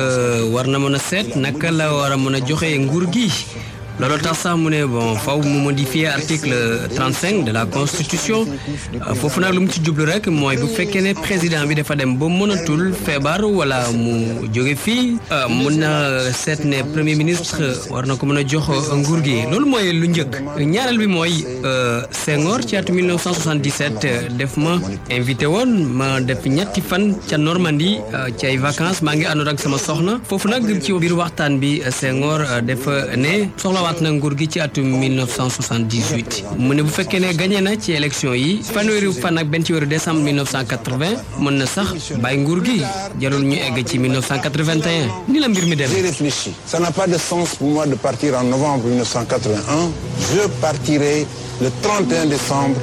Euh, war na mën a seet naka la war a mën a joxe nguur gi loolu tax sax mu ne bon faw mu modifier article trente cinq de la constitution euh, foofu nag lu mu ci jublu rek mooy bu fekkee ne président bi dafa dem ba mënatul feebar wala mu jóge fii euh, mun na seet ne premier ministre war na ko mën a jox nguur gi loolu mooy lu njëkk ñaareel bi mooy euh, Senghor ci atu 1977 def ma invité woon ma def ñetti fan ca Normandie ci ay vacances maa ngi àndoon ak sama soxna foofu nag ci biir waxtaan bi Senghor dafa ne soxla mat na nguur gi ci atum 1978 mu ne bu fekkee ne gagné na ci élection yi fanweeri fan ak benn ci décembre mën na sax bàyyi nguur gi jarul ñu egg ci ni la mbir mi dem. j'ai réfléchi ça n'a pas de sens pour moi de partir en novembre 1981 je partirai le décembre